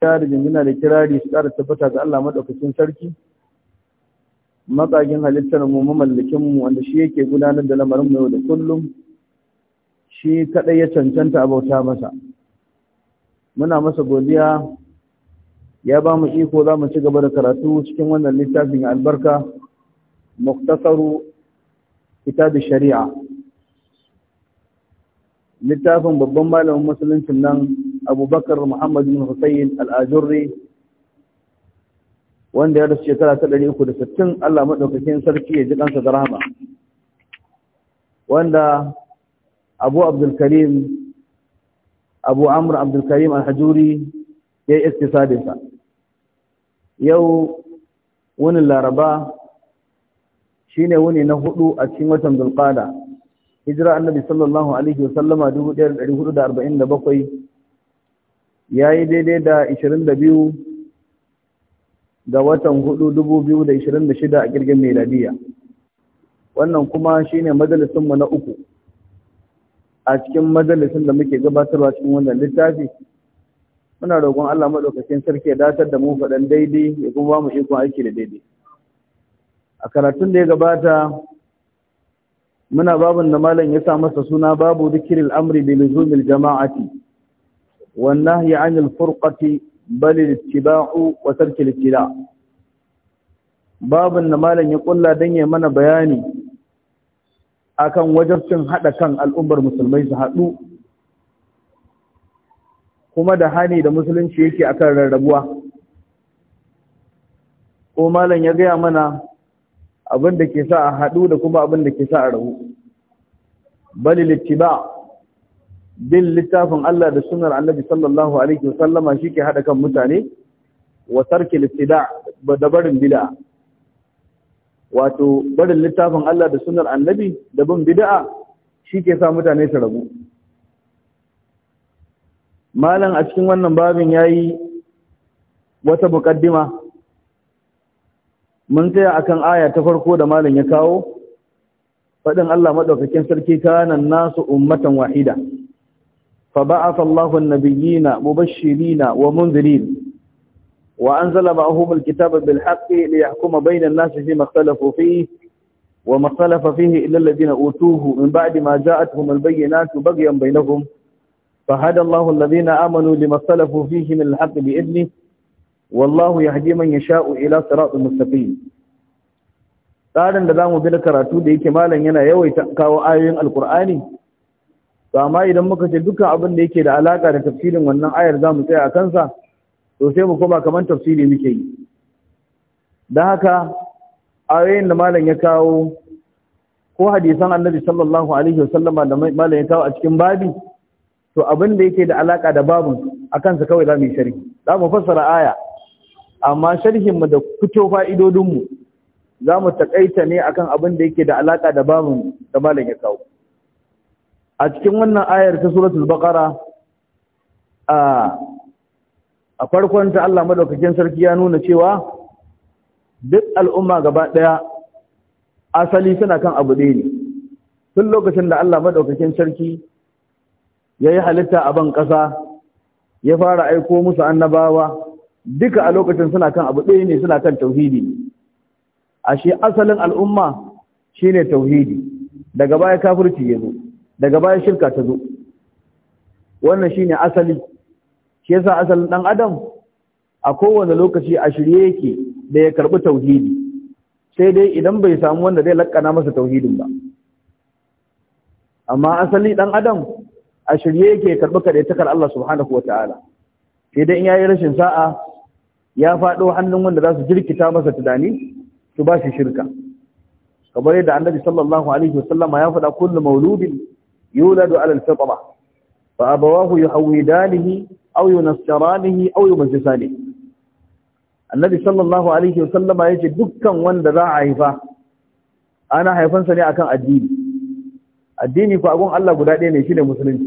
da jingina da kirari su ƙara tabbata ga Allah maɗaukacin sarki matsagin halittar mu mamallakin mu wanda shi yake gudanar da lamarin mu yau da kullum shi kaɗai ya cancanta abauta masa muna masa godiya ya ba mu iko za mu ci gaba da karatu cikin wannan littafin albarka muktasaru kitabu shari'a littafin babban malamin Musulunci nan Abu Bakar محمد بن حسين الآجري wanda ya rasu shekara ta ɗari uku da sittin Allah maɗaukakin sarki ya ji kansa da rahama wanda Abu Abdulkarim Abu Amr Abdulkarim Al-Hajuri ya yi iktisadinsa yau wani Laraba shi ne wuni na hudu a cikin watan Zulqa'da hijira annabi sallallahu alaihi wasallama 1447 ya yi daidai da 22 ga watan 4,226 a girgin meladiya wannan kuma shine majalisunmu na uku a cikin majalisun da muke gabatarwa cikin wannan littafi muna roƙon Allah maɗaukakin sarki ya datar da mu faɗan daidai ya kuma ba mu ikon aiki da daidai a karatun da ya gabata muna babin da malam ya sa masa suna babu zikiril amri bi luzumil jama'ati والنهي عن الفرقة بل الاتباع وترك الاتلاع باب النمال malam ya دنيا من بياني mana bayani akan كان hada kan al'ummar musulmai su hadu kuma da hani da musulunci yake akan rarrabuwa ko malam ya gaya mana abin da ke sa a hadu da kuma abin da ke sa a rabu Bali littiba bin littafin Allah da sunar annabi sallallahu alaihi wasallama shi ke haɗa kan mutane wa Sarki littida da barin bida wato barin littafin Allah da sunar annabi da bin bida'a shi ke sa mutane su rabu malam a cikin wannan babin ya yi wata muƙaddima mun tsaya kan aya ta farko da malam ya kawo faɗin Allah maɗaukakin sarki kanan nasu ummatan wahida فبعث الله النبيين مبشرين ومنذرين وأنزل معهم الكتاب بالحق ليحكم بين الناس فيما اختلفوا فيه وما اختلف فيه إلا الذين أوتوه من بعد ما جاءتهم البينات بغيا بينهم فهدى الله الذين آمنوا لما اختلفوا فيه من الحق بإذنه والله يهدي من يشاء إلى صراط مستقيم قال da zamu bi na karatu da yake malam yana yawaita kawo to amma idan muka ce dukkan abin da yake da alaka da tafsirin wannan ayar za mu tsaya a kansa to sai mu koma kamar tafsiri muke yi don haka ayoyin da malam ya kawo ko hadisan annabi sallallahu alaihi wasallama da malam ya kawo a cikin babi to abin da yake da alaka da babun a kansa kawai za mu yi sharhi za mu fassara aya amma sharhinmu da fito fa'idodinmu za mu taƙaita ne akan abin da yake da alaka da babun da malam ya kawo a cikin wannan ayar ta suratul baqara a farkon ta Allah madaukakin sarki ya nuna cewa duk al'umma gaba daya asali suna kan abu ɗaya ne tun lokacin da Allah madaukakin sarki ya yi halitta a ban ƙasa ya fara aiko musu annabawa duka a lokacin suna kan abu ɗaya ne suna kan tauhidi ashe asalin al'umma shine tauhidi daga baya kafirci ya zo daga baya shirka ta zo wannan shine asali shi yasa asalin dan adam a kowane lokaci a shirye yake da ya karbi tauhidi sai dai idan bai samu wanda zai lakkana masa tauhidin ba amma asali dan adam a shirye yake karbi kaɗaitakar Allah subhanahu wataala sai dai in yayi rashin sa'a ya fado hannun wanda za su jirkita masa tunani su ba shi shirka kamar yadda annabi sallallahu alaihi wasallam ya faɗa kullu mauludin yuladu ala al-fitra fa abawahu yuhawidanihi aw yunassiranihi aw yumajjisanihi annabi sallallahu alaihi wasallama yace dukkan wanda za a haifa ana haifansa ne akan addini addini ko Allah guda ɗaya ne shine musulunci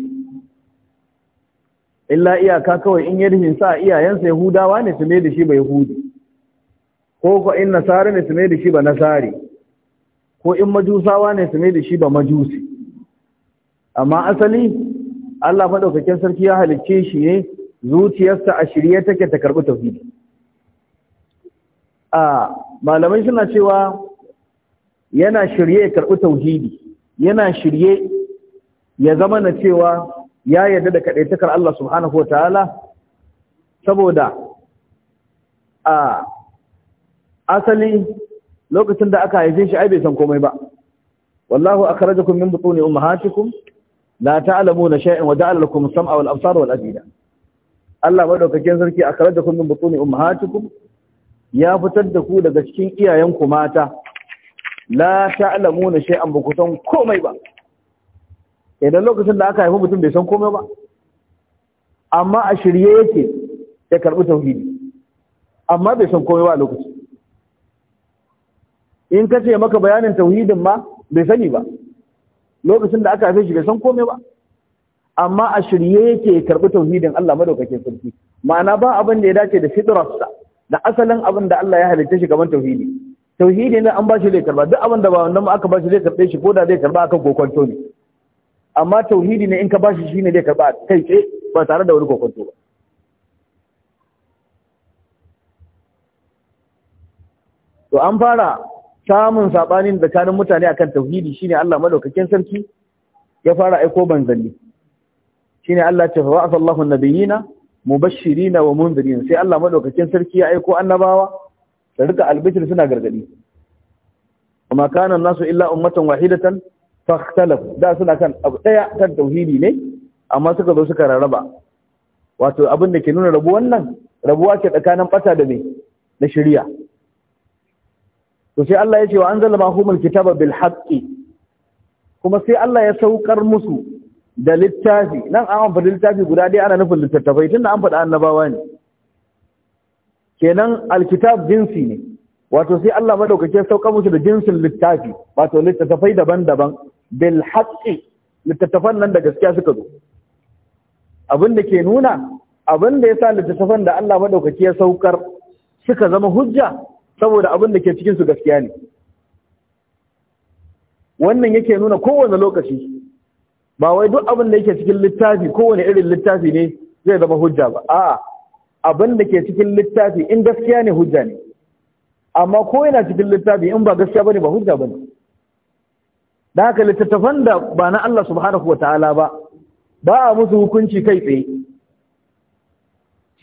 illa iyaka kawai in yadhin sa iyayensa yahudawa ne su ne da shi ba yahudi ko ko in nasara ne su ne da shi ba nasari ko in majusawa ne su ne da shi ba majusi amma asali Allah madaukakin sarki ya halicce shi ne zuciyarsa a shirye take ta karbi tauhidi a malamai suna cewa yana shirye karbi tauhidi yana shirye ya zama na cewa ya yarda da kadaitakar Allah subhanahu wataala saboda a asali lokacin da aka haife shi ai bai san komai ba wallahu akhrajakum min butuni ummahatikum la ta'lamuna shay'an wa ja'ala lakum as-sam'a wal absara wal afida Allah madaukakin sarki akhrajakum min butuni ummahatikum ya fitar da ku daga cikin iyayenku mata la ta'lamuna shay'an ba ku san komai ba idan lokacin da aka haifi mutum bai san komai ba amma a shirye yake ya karbi tauhidi amma bai san komai ba lokaci in kace maka bayanin tauhidin ma bai sani ba lokacin da aka haife shi bai san komai ba amma a shirye yake karɓi tauhidin Allah madaukakin sarki ma'ana ba abin da ya dace da fitrarsa da asalin abin da Allah ya halitta shi gaban tauhidi tauhidi ne an ba shi zai karba duk abin da ba wannan aka ba shi zai karbe shi da zai karba akan kokonto ne amma tauhidi ne in ka ba shi shine zai karba kai tsaye ba tare da wani kokonto ba to an fara samun sabanin tsakanin mutane akan tauhidi shine Allah madaukakin sarki ya fara aiko banzanni shine Allah ta fa'atha Allahu nabiyina mubashirina wa munzirin sai Allah madaukakin sarki ya aiko annabawa da rika albitir suna gargadi amma kana nasu illa ummatan wahidatan fahtalafu da suna kan abu daya kan tauhidi ne amma suka zo suka rarraba wato abin da ke nuna rabu wannan rabuwa ce tsakanin bata da me da shirya. to sai Allah ya ce wa anzala mahumul kitaba bil haqqi kuma sai Allah ya saukar musu da littafi nan an amfani littafi guda ɗaya ana nufin littattafai tunda an faɗa annabawa ne kenan alkitab jinsi ne wato sai Allah madaukake saukar musu da jinsin littafi wato littattafai daban-daban bil haqqi littattafan nan da gaskiya suka zo abin da ke nuna abin da ya sa littattafan da Allah madaukake ya saukar suka zama hujja saboda abin da ke cikinsu gaskiya ne wannan yake nuna kowane lokaci ba wai duk abin da yake cikin littafi kowane irin littafi ne zai zama hujja ba a'a abin da ke cikin littafi in gaskiya ne hujja ne amma ko yana cikin littafi in ba gaskiya bane ba hujja bane da haka littattafan da ba na Allah subhanahu Ta'ala ba ba a musu hukunci kai tsaye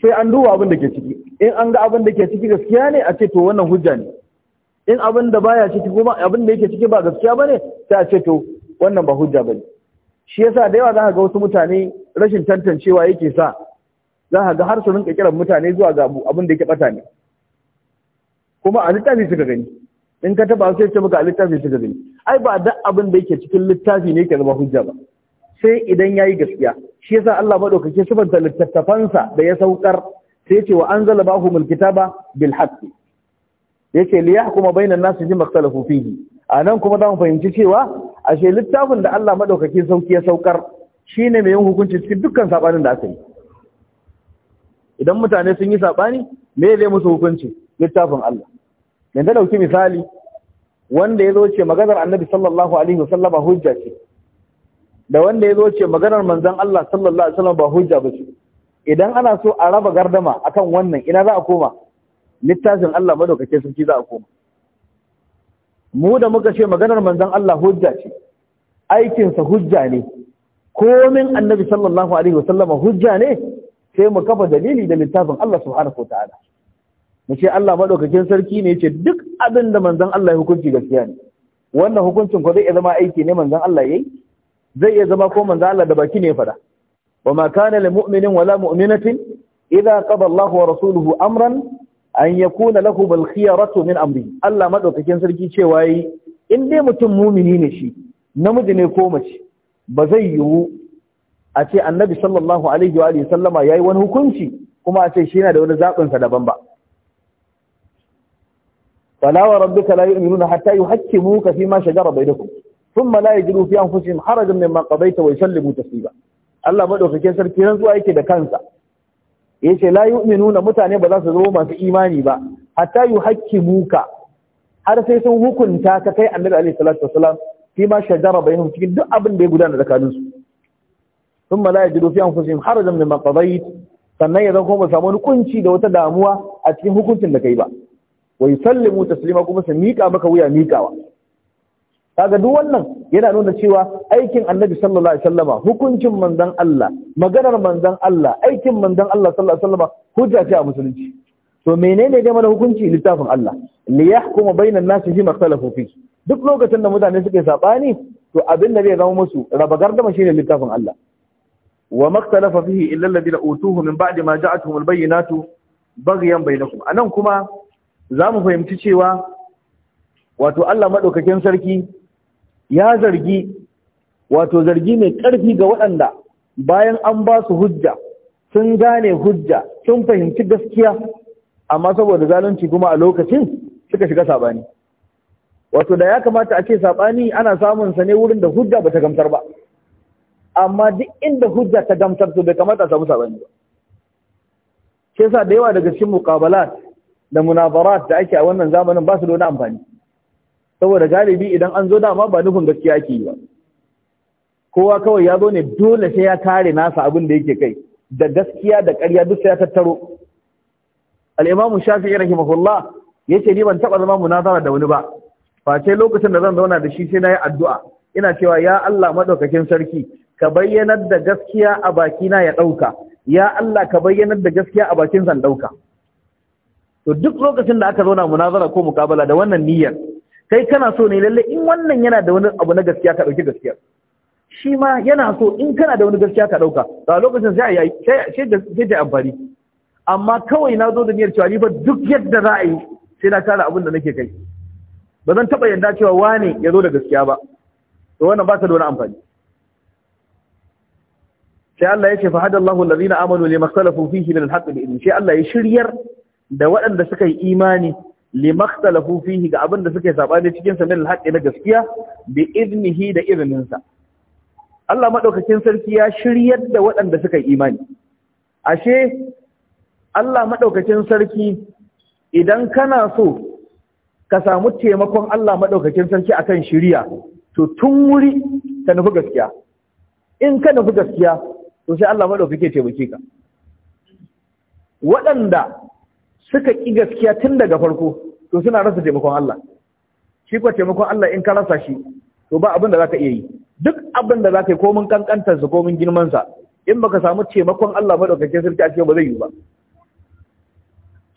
sai an duba abin da ke ciki in an ga abin da ke ciki gaskiya ne a ce to wannan hujja ne in abin da baya ciki kuma abin da yake ciki ba gaskiya bane sai a ce to wannan ba hujja bane shi yasa da yawa zaka ga wasu mutane rashin tantancewa yake sa zaka ga har su rinka kiran mutane zuwa ga abin da yake bata ne kuma a littafi suka gani in ka taba sai ce maka a littafi suka gani ai ba da abin da yake cikin littafi ne yake zama hujja ba sai idan yayi gaskiya shi yasa Allah madaukake sifanta littattafansa da ya saukar sai ce wa anzala bahumul kitaba bil haqq yace li yahkuma bainan nasi bima ikhtalafu fihi anan kuma zamu fahimci cewa ashe littafin da Allah madaukake sauki ya saukar shine mai yin hukunci cikin dukkan sabanin da aka yi idan mutane sun yi sabani me zai musu hukunci littafin Allah yanzu dauki misali wanda ya zo ce maganar Annabi sallallahu alaihi wasallam hujja ce da wanda ya zo ce maganar manzan Allah sallallahu alaihi wasallam ba hujja ba ce idan ana so a raba gardama akan wannan ina za a koma littafin Allah madaukake sarki za a koma mu da muka ce maganar manzan Allah hujja ce aikinsa hujja ne komin annabi sallallahu alaihi wasallama hujja ne sai mu kafa dalili da littafin Allah subhanahu ta'ala. mu ce Allah madaukakin sarki ne ce duk abin da manzan Allah ya hukunci gaskiya ne wannan hukuncin ko zai zama aiki ne manzan Allah yi? zai iya zama ko manzo Allah da baki ne fada wa ma kana lil mu'minin wala mu'minatin idza qada Allahu wa rasuluhu amran an yakuna lahu bil khiyaratu min amri Allah madaukakin sarki cewa yi in dai mutum mumini ne shi namiji ne ko mace ba zai yiwu a ce annabi sallallahu alaihi wa alihi sallama yayi wani hukunci kuma a ce shi yana da wani zabin sa daban ba fala wa rabbika la yu'minuna hatta yuhaqqimuka fima shajara bainakum thumma la yajidu fi anfusihim harajan mimma qadaita wa yusallimu taslima Allah madaukakin sarki nan zuwa yake da kansa yace la yu'minuna mutane ba za su zo masu imani ba hatta yuhaqqimuka har sai sun hukunta ka kai annabi alaihi salatu wasalam fi ma shajara bainahum cikin duk abin da ya gudana tsakanin su thumma la yajidu fi anfusihim harajan mimma qadait sannan ya zan kuma samu wani kunci da wata damuwa a cikin hukuncin da kai ba wa yusallimu taslima kuma su miƙa maka wuya miƙawa kaga duk wannan yana nuna cewa aikin annabi sallallahu alaihi wasallama hukuncin manzon Allah maganar manzon Allah aikin manzon Allah sallallahu alaihi wasallama hujja ce a musulunci to menene game mana hukunci littafin Allah li yahkuma bainan nasi fi makhtalafu fi duk lokacin da mutane suka yi sabani to abin da zai zama musu raba gardama shine littafin Allah wa makhtalafa fihi illa alladhina utuhu min ba'di ma ja'atuhum albayyinatu baghyan bainakum anan kuma zamu fahimci cewa wato Allah madaukakin sarki ya zargi wato zargi mai ƙarfi ga waɗanda bayan an ba su hujja sun gane hujja sun fahimci gaskiya amma saboda zalunci kuma a lokacin suka shiga saɓani wato da ya kamata a ce saɓani ana samun sa ne wurin da hujja ba ta gamsar ba amma duk inda hujja ta gamsar to bai kamata a samu saɓani ba shi sa da yawa daga cikin muqabalat da munabarat da ake a wannan zamanin ba su da wani amfani saboda galibi idan an zo dama ba nufin gaskiya ake yi ba kowa kawai ya zo ne dole sai ya kare nasa abin da yake kai da gaskiya da ƙarya duk sai ya tattaro al-imamu shafi'i Ya ce ni ban taba zama munazara da wani ba face lokacin da zan zauna da shi sai na yi addu'a ina cewa ya Allah madaukakin sarki ka bayyanar da gaskiya a bakina ya ɗauka ya Allah ka bayyanar da gaskiya a bakin zan ɗauka to duk lokacin da aka zauna munazara ko mukabala da wannan niyyar kai kana so ne lalle in wannan yana da wani abu na gaskiya ka dauki gaskiya shi ma yana so in kana da wani gaskiya ka dauka a lokacin sai ai sai sai da amfani amma kawai na zo da niyyar cewa ni ba duk yadda za a yi sai na kara abin da nake kai ba zan taba yarda cewa wane ya zo da gaskiya ba to wannan ba ta da wani amfani sai Allah ya ce fa hadallahu allazina amanu lima salafu fihi min alhaqqi bi idin sai Allah ya shiryar da waɗanda suka yi imani limakhtalafu fihi ga abin da suke sabani cikin sa min alhaqi na gaskiya bi idnihi da izinin sa Allah madaukakin sarki ya shiryar da waɗanda suka yi imani ashe Allah madaukakin sarki idan kana so ka samu taimakon Allah madaukakin sarki akan shiriya to tun wuri ka nufi gaskiya in ka nufi gaskiya to sai Allah madaukake taimake ka waɗanda suka ƙi gaskiya tun daga farko to suna rasa taimakon Allah shi kuwa taimakon Allah in ka rasa shi to ba abin da za ka iya yi duk abin da za ka yi komin kankantarsa komin girmansa in baka samu taimakon Allah maɗaukacin sarki a cikin ba zai yi ba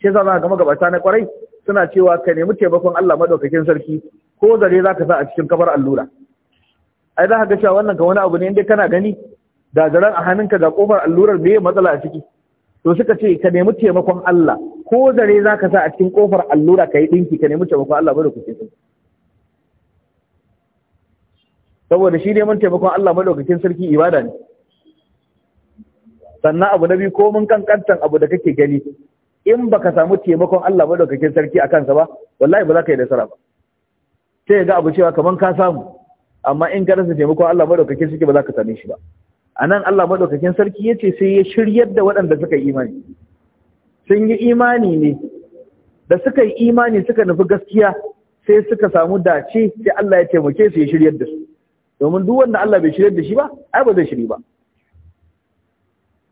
shi yasa za ka gama gabata na kwarai suna cewa ka nemi taimakon Allah maɗaukakin sarki ko zare za ka sa a cikin kafar allura ai za ka ga cewa wannan ka wani abu ne inda kana gani da zaren a hannunka ga kofar allurar me matsala a ciki to suka ce ka nemi taimakon Allah ko zare za ka sa a cikin kofar allura ka yi ɗinki ka nemi taimakon Allah madaukakin sarki saboda shi neman taimakon Allah madaukakin sarki ibada ne sannan abu na biyu ko mun kankantan abu da kake gani in ba ka samu taimakon Allah madaukakin sarki a kansa ba wallahi ba za ka yi nasara ba sai ga abu cewa kaman ka samu amma in ka rasa taimakon Allah madaukakin sarki ba za ka same shi ba A nan Allah madaukakin sarki ya ce sai ya shiryar da waɗanda suka yi imani sun yi imani ne da suka yi imani suka nufi gaskiya sai suka samu dace sai Allah ya taimake su ya shiryar da su domin duk wanda Allah bai shiryar da shi ba ai ba zai shiri ba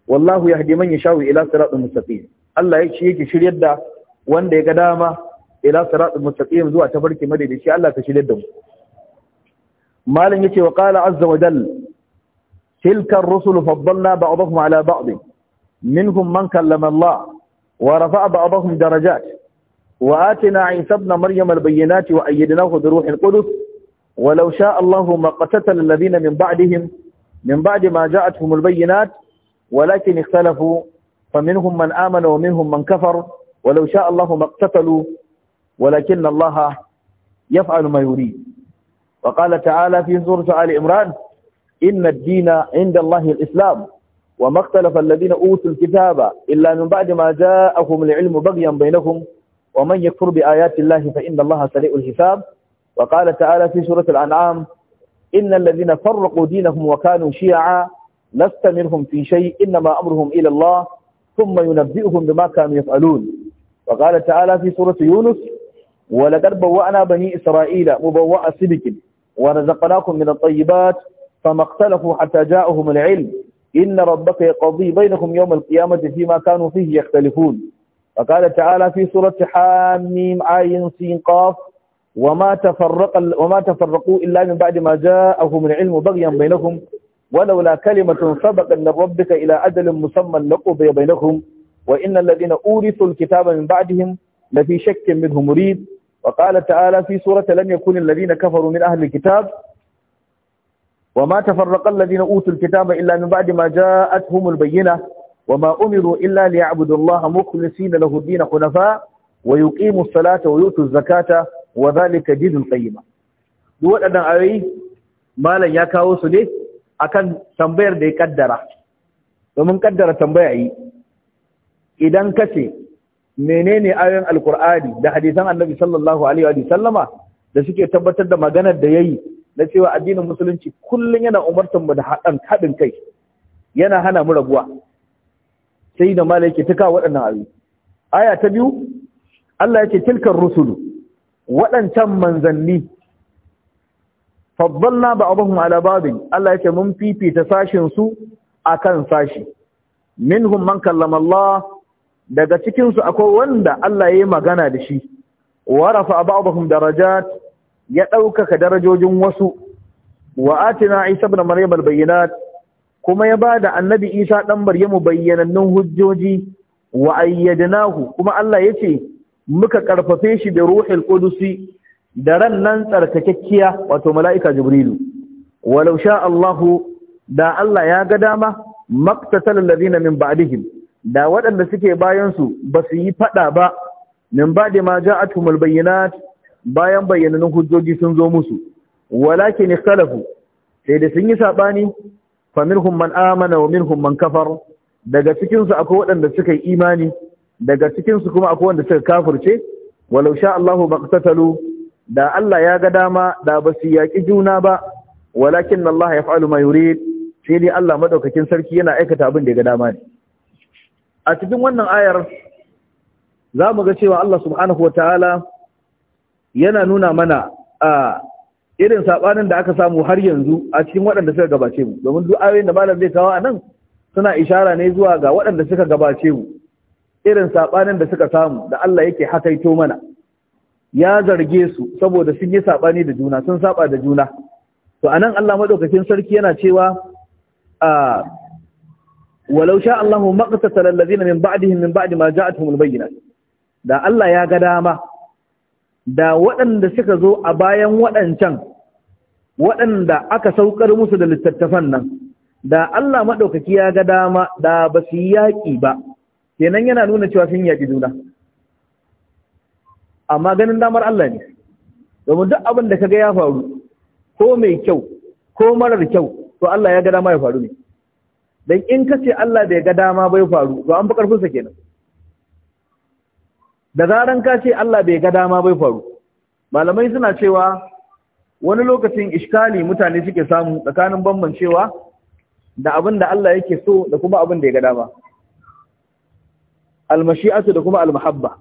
wallahu yahdi man yashaa ila siratin mustaqim Allah ya ce yake shiryar da wanda ya ga dama ila siratin mustaqim zuwa tafarki madaidaici Allah ka shiryar da mu malam yace wa qala azza wa jalla tilka ar-rusul faddalna ba'dahum ala ba'd minhum man kallama Allah ورفع بعضهم درجات وآتنا عيسى ابن مريم البينات وأيدناه بروح القدس ولو شاء الله ما قتتل الذين من بعدهم من بعد ما جاءتهم البينات ولكن اختلفوا فمنهم من آمن ومنهم من كفر ولو شاء الله ما اقتتلوا ولكن الله يفعل ما يريد وقال تعالى في سورة آل عمران إن الدين عند الله الإسلام وما اختلف الذين أوتوا الكتاب إلا من بعد ما جاءهم العلم بغيا بينهم ومن يكفر بآيات الله فإن الله سريع الحساب وقال تعالى في سورة الأنعام إن الذين فرقوا دينهم وكانوا شيعا لست منهم في شيء إنما أمرهم إلى الله ثم ينبئهم بما كانوا يفعلون وقال تعالى في سورة يونس ولقد بوأنا بني إسرائيل مبوء سبك ورزقناكم من الطيبات فما اختلفوا حتى جاءهم العلم إن ربك يقضي بينكم يوم القيامة فيما كانوا فيه يختلفون فقال تعالى في سورة حاميم عين آية سين قاف وما تفرق وما تفرقوا إلا من بعد ما جاءهم العلم بغيا بينهم ولولا كلمة سبق من ربك إلى أجل مسمى لقضي بينهم وإن الذين أورثوا الكتاب من بعدهم لفي شك منه مريد وقال تعالى في سورة لم يكن الذين كفروا من أهل الكتاب وما تفرق الذين أوتوا الكتاب إلا من بعد ما جاءتهم البينة وما أمروا إلا ليعبدوا الله مخلصين له الدين حنفاء ويقيموا الصلاة ويؤتوا الزكاة وذلك جد القيمة دول أن أعي مالا يكاو سلي أكن تنبير دي قدرة ومن قدرة تنبيعي إذن كسي menene ayoyin alkur'ani da hadisan annabi sallallahu alaihi wa sallama da suke tabbatar da maganar da yayi na cewa addinin musulunci kullum yana umartar mu da haɗin haɗin kai yana hana mu rabuwa sai da mala yake tuka waɗannan ayoyi aya ta biyu Allah yake tilkar rusulu waɗancan manzanni faddalna ba'dahum ala ba'd Allah yake mun fifita sashin su akan sashi minhum man kallama Allah daga cikin su akwai wanda Allah yayi magana da shi wa rafa ba'dahum darajat ya ɗaukaka darajojin wasu wa atina isa ibn maryam albayyinat kuma ya bada annabi isa dan maryamu bayyanannun hujjoji wa ayyadnahu kuma Allah yace muka karfafe shi da ruhul qudusi da ran nan tsarkakekkiya wato mala'ika jibrilu walau sha Allahu da Allah ya ga dama maqtatal ladina min ba'dihim da waɗanda suke bayan su basu yi fada ba min ba'di ma ja'atuhumul bayyinat bayan bayyananun hujjoji sun zo musu walakin ikhtalafu sai da sun yi sabani fa minhum man amana wa minhum man kafar daga cikin su akwai waɗanda suka yi imani daga cikin su kuma akwai wanda suka kafirce walau sha Allahu maqtatalu da Allah ya ga dama da basu yaki juna ba walakin Allah yaf'alu ma yurid sai dai Allah madaukakin sarki yana aikata abin da ya ga dama ne a cikin wannan ayar za mu ga cewa Allah subhanahu ta'ala. yana nuna mana a irin sabanin da aka samu har yanzu a cikin waɗanda suka gabace mu domin duk ayoyin da malam zai kawo a nan suna ishara ne zuwa ga waɗanda suka gabace mu irin sabanin da suka samu da Allah yake hakaito mana ya zarge su saboda sun yi sabani da juna sun saba da juna to anan Allah madaukakin sarki yana cewa a walau sha Allahu maqtasal ladina min ba'dihim min ba'di ma ja'atuhumul bayyinat da Allah ya ga dama da waɗanda suka zo a bayan waɗancan waɗanda aka saukar musu da littattafan nan da Allah maɗaukaki ya ga dama da ba su yi yaƙi ba kenan yana nuna cewa sun yaƙi juna amma ganin damar Allah ne domin duk abin da kaga ya faru ko mai kyau ko marar kyau to Allah ya ga dama ya faru ne dan in kace Allah bai ga dama bai faru to an fi ƙarfinsa kenan da zaran ka ce Allah bai ga dama bai faru malamai suna cewa wani lokacin iskali mutane suke samu tsakanin bambancewa da abin da Allah yake so da kuma abin da ya ga dama almashi'atu da kuma almahabba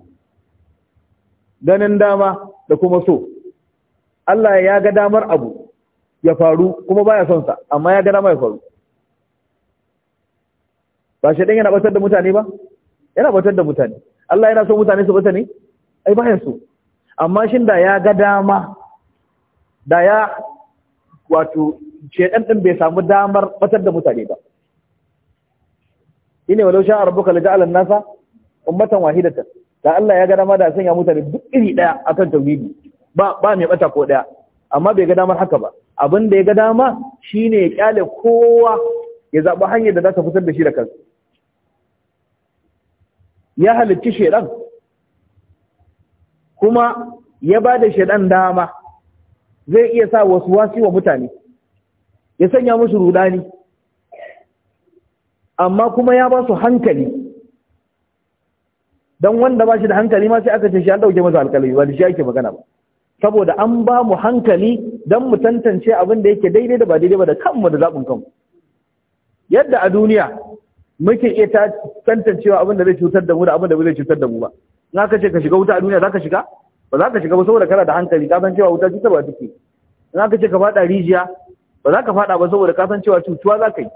ganin dama da kuma so Allah ya ga damar abu ya faru kuma baya son sa amma ya ga dama ya faru ba shi yana batar da mutane ba yana batar da mutane Allah yana so mutane su bata ne ai bayan su amma shin da ya ga dama da ya wato shedan din bai samu damar batar da mutane ba ine walau sha rabbuka la ja'ala nasa ummatan wahidatan da Allah ya ga dama da sanya mutane duk iri daya akan tauhidi ba ba mai bata ko ɗaya. amma bai ga damar haka ba abin da ya ga dama shine ya kyale kowa ya zaɓi hanyar da za ta fitar da shi da kansa ya halitti shaidan kuma ya ba da shaidan dama zai iya sa wasu wasi wa mutane ya sanya musu rudani amma kuma ya ba su hankali don wanda ba shi da hankali ma sai aka ce shi an ɗauke masa alkalami ba da shi ake magana ba saboda an ba mu hankali don mu tantance abin da yake daidai da ba daidai ba da kanmu da zaɓin kanmu yadda a duniya muke iya ta tantancewa abin da zai cutar da mu da abin da zai cutar da mu ba in aka ce ka shiga wuta a duniya za ka shiga ba za ka shiga ba saboda kana da hankali ka san cewa wuta ba take in aka ce ka faɗa rijiya ba za ka faɗa ba saboda ka san cewa cutuwa za ka yi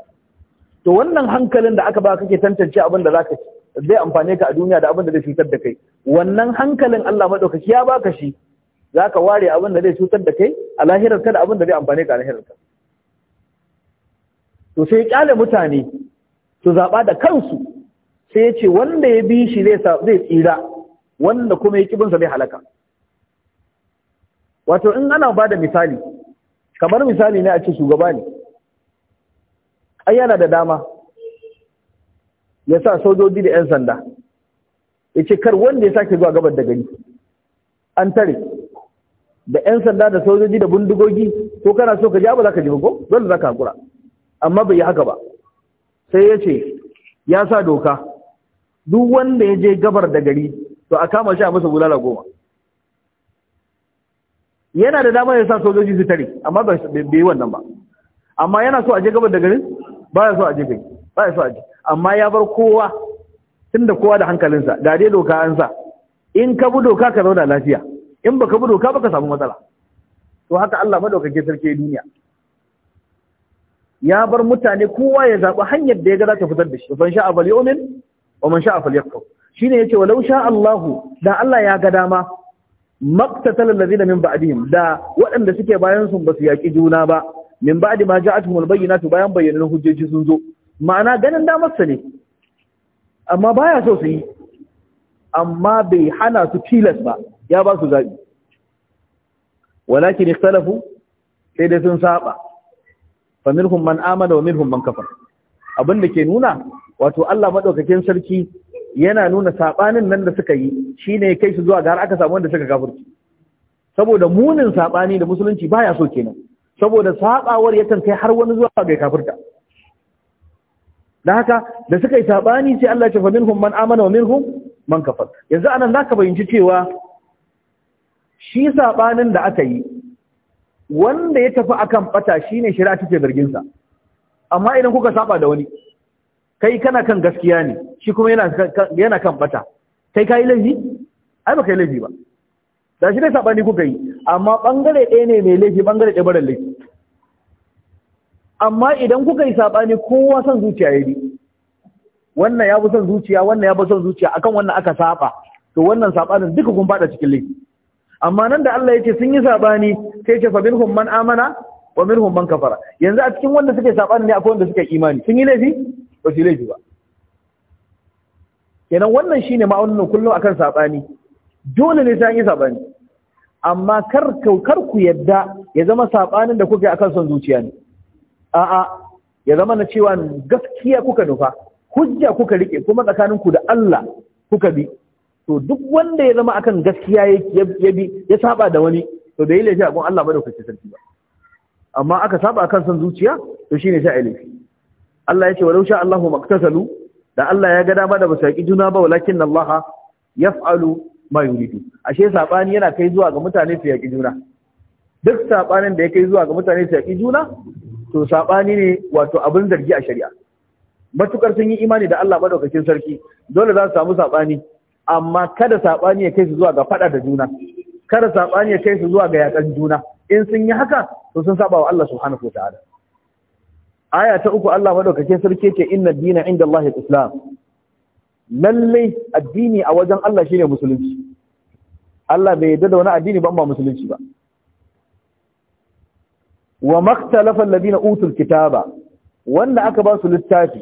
to wannan hankalin da aka ba kake tantance abin da za ka ci zai amfane ka a duniya da abin da zai cutar da kai wannan hankalin Allah madaukaki ya baka shi za ka ware abin da zai cutar da kai a lahirar ka da abin da zai amfane ka a lahirar ka to sai kyale mutane su zaɓa da kansu sai ya ce wanda ya bi shi zai tsira wanda kuma ya kibinsa zai halaka wato in ana ba da misali kamar misali ne a ce shugaba ne ai yana da dama ya sa sojoji da 'yan sanda ya ce kar wanda ya sake zuwa gabar da gari an tare da 'yan sanda da sojoji da bindigogi ko kana so ka ji abu za ka ji hukum, ko dole za ka haƙura, amma bai yi haka ba sai ya ce ya sa doka duk wanda ya je gabar da gari to a kama shi a masa bulala goma yana da damar ya sa sojoji su tare amma bai yi wannan ba amma yana so a je gabar da gari ba ya so a je gari ba ya so a je amma ya bar kowa tun da kowa da hankalinsa da dai doka an sa in ka bi doka ka zauna lafiya in baka bi doka baka samu matsala to haka Allah madaukakin sarki duniya ya bar mutane kowa ya zaɓi hanyar da ya ga za ta fitar da shi ban sha'a fal yu'min wa sha'a fal yakfur shine yace walau sha Allahu da Allah ya ga dama maqtatal alladhina min ba'dihim da waɗanda suke bayan sun basu yaki juna ba min ba'adi ma ja'atuhumul su bayan bayyanan hujjoji sun zo ma'ana ganin damar sa ne amma baya so su yi amma bai hana su tilas ba ya ba su zabi walakin ikhtalafu sai dai sun saba fa minhum man amana wa minhum man kafar abin da ke nuna wato Allah madaukakin sarki yana nuna sabanin nan da suka yi shine ya kai su zuwa ga har aka samu wanda suka kafirci saboda munin sabani da musulunci baya so kenan saboda sabawar yakan kai har wani zuwa ga kafirta da haka da suka yi sabani sai Allah ya ce fa minhum man amana wa minhum man kafar yanzu anan zaka fahimci cewa shi sabanin da aka yi wanda ya tafi akan bata shine shari'a take zargin sa amma idan kuka saba da wani kai kana kan gaskiya ne shi kuma yana yana kan bata kai kai laifi ai baka yi laifi ba da shi dai sabani kuka yi amma bangare ɗaya ne mai laifi bangare ɗaya barar laifi amma idan kuka yi sabani kowa son zuciya ya yi. wannan ya bi son zuciya wannan ya bi son zuciya akan wannan aka saba to wannan sabanin duka kun fada cikin laifi amma nan da Allah yake sun yi sabani sai ce fa man amana wa minhum man kafara yanzu a cikin wanda suke sabani ne akwai wanda suke imani sun yi laifi ba su yi laifi ba kenan wannan shine ma'aunin kullum akan sabani dole ne sai an yi sabani amma kar kar ku yadda ya zama sabanin da kuke akan son zuciya ne a'a ya zama na cewa gaskiya kuka nufa hujja kuka rike kuma tsakaninku da Allah kuka bi to duk wanda ya zama akan gaskiya ya bi ya saba da wani to bai laifi a gun Allah madaukaki sarki ba amma aka saba akan san zuciya to shine sai laifi Allah ya ce walau sha Allahu maktasalu da Allah ya ga dama da basaki juna ba walakin Allah yaf'alu ma yuridu ashe sabani yana kai zuwa ga mutane su yaki juna duk sabanin da ya kai zuwa ga mutane su yaki juna to sabani ne wato abin zargi a shari'a matukar sun yi imani da Allah madaukakin sarki dole za su samu sabani amma kada saɓani ya kai su zuwa ga faɗa da juna kada saɓani ya kai su zuwa ga yaƙan juna in sun yi haka to sun saɓa wa Allah subhanahu wataala aya ta uku Allah madaukakin sarki ce inna dina inda Allah islam Lallai addini a wajen Allah shine musulunci Allah bai yarda da wani addini ba ba musulunci ba wa maktalafa alladhina utul kitaba wanda aka ba su littafi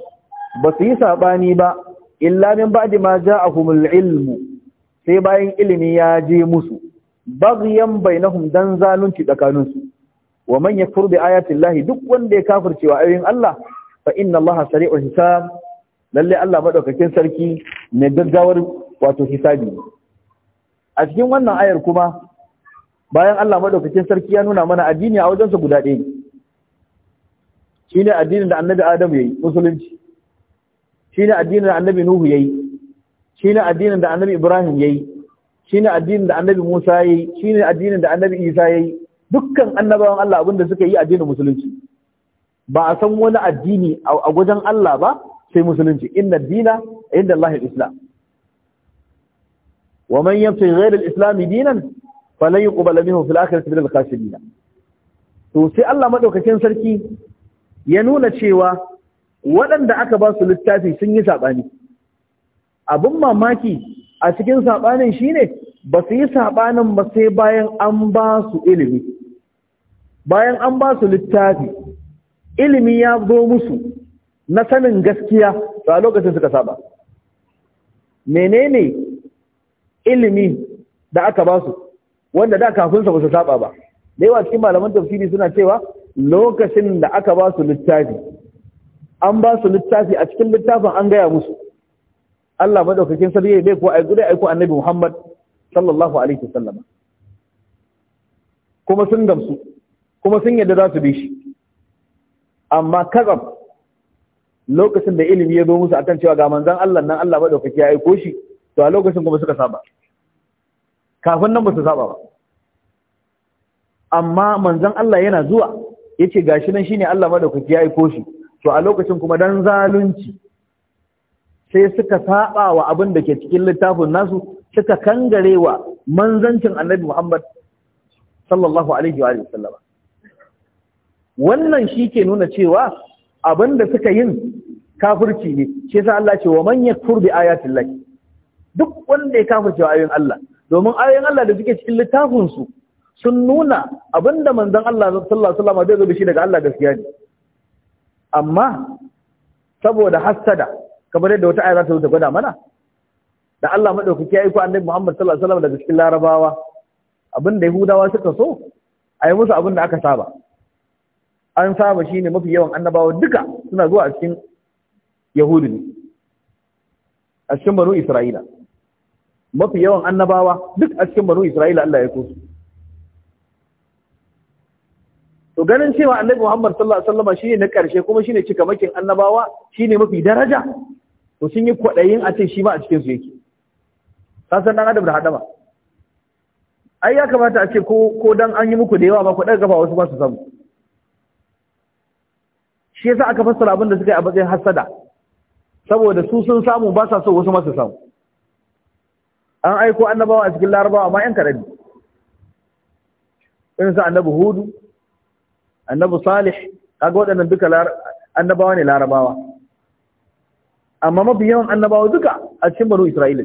ba su yi saɓani ba illa min ba'di ma ja'ahumul ilmu sai bayan ilimi ya je musu baghyan bainahum dan zalunci tsakaninsu wa man yakfur bi ayati llahi duk wanda ya kafirce wa ayoyin Allah fa inna allaha sari'ul hisab lalle Allah madaukakin sarki ne gaggawar wato hisabi a cikin wannan ayar kuma bayan Allah madaukakin sarki ya nuna mana addini a wajensa guda ɗaya shine addinin da annabi Adam yayi musulunci shine addinin da annabi nuhu yayi shine addinin da annabi ibrahim yayi shine addinin da annabi musa yayi shine addinin da annabi isa yayi dukkan annabawan Allah abinda suka yi addinin musulunci ba a san wani addini a wajen Allah ba sai musulunci inna dina inda Allah al-islam wa man yabtaghi ghayra al-islam dinan falan yuqbal minhu fil akhirati min al-khasirin to sai Allah madaukakin sarki ya nuna cewa waɗanda aka ba su littafi sun yi saɓani abin mamaki a cikin saɓanin shine ba su yi saɓanin ba sai bayan an ba su ilimi bayan an ba su littafi ilimi ya zo musu na sanin gaskiya a lokacin suka saba menene ilimi da aka ba su wanda da kafinsa ba su saba ba da yawa cikin malaman tafsiri suna cewa lokacin da aka ba su littafi an ba su littafi a cikin littafin an gaya musu Allah madaukakin sarki ne ko ai gudai ko annabi Muhammad sallallahu alaihi wasallam kuma sun gamsu kuma sun yadda za su bi shi amma kazab lokacin da ilimi ya zo musu akan cewa ga manzon Allah nan Allah madaukaki ya aiko shi to a lokacin kuma suka saba kafin nan ba su saba ba amma manzon Allah yana zuwa yace gashi nan shine Allah madaukaki ya aiko shi to a lokacin kuma dan zalunci sai suka saba wa abin da ke cikin littafin nasu suka kangarewa manzancin annabi Muhammad sallallahu alaihi wa sallama wannan shi ke nuna cewa abin da suka yin kafirci ne shi yasa Allah ce wa man yakfur bi ayatin lahi duk wanda ya kafirce ayoyin Allah domin ayoyin Allah da suke cikin littafin su sun nuna abinda manzon Allah sallallahu alaihi wasallam zai zo da shi daga Allah gaskiya ne amma saboda hassada kamar yadda wata ayyata za ta gwada mana da Allah madaukaki ya aiko annabi Muhammad sallallahu alaihi wasallam daga cikin Larabawa abin da Yahudawa suka so a yi musu abin da aka saba an saba shine mafi yawan annabawa duka suna zuwa a cikin Yahudu ne a cikin Banu Isra'ila mafi yawan annabawa duk a cikin Banu Isra'ila Allah ya so su to ganin cewa annabi Muhammad sallallahu alaihi wasallam shine na karshe kuma shine cikamakin annabawa shine mafi daraja to sun yi kwadayin a ce shi ma a cikin su yake san dan adam da hadama ai ya kamata a ce ko ko dan an yi muku da yawa ba ku daga gaba wasu ba su samu shi yasa aka fassara abin da suka yi a matsayin hasada saboda su sun samu ba sa so wasu ma su samu an aiko annabawa a cikin larabawa ma yan karabi irin sa annabi hudu annabi salih kaga waɗannan duka annabawa ne larabawa amma mafi yawan annabawa duka a cikin banu isra'ila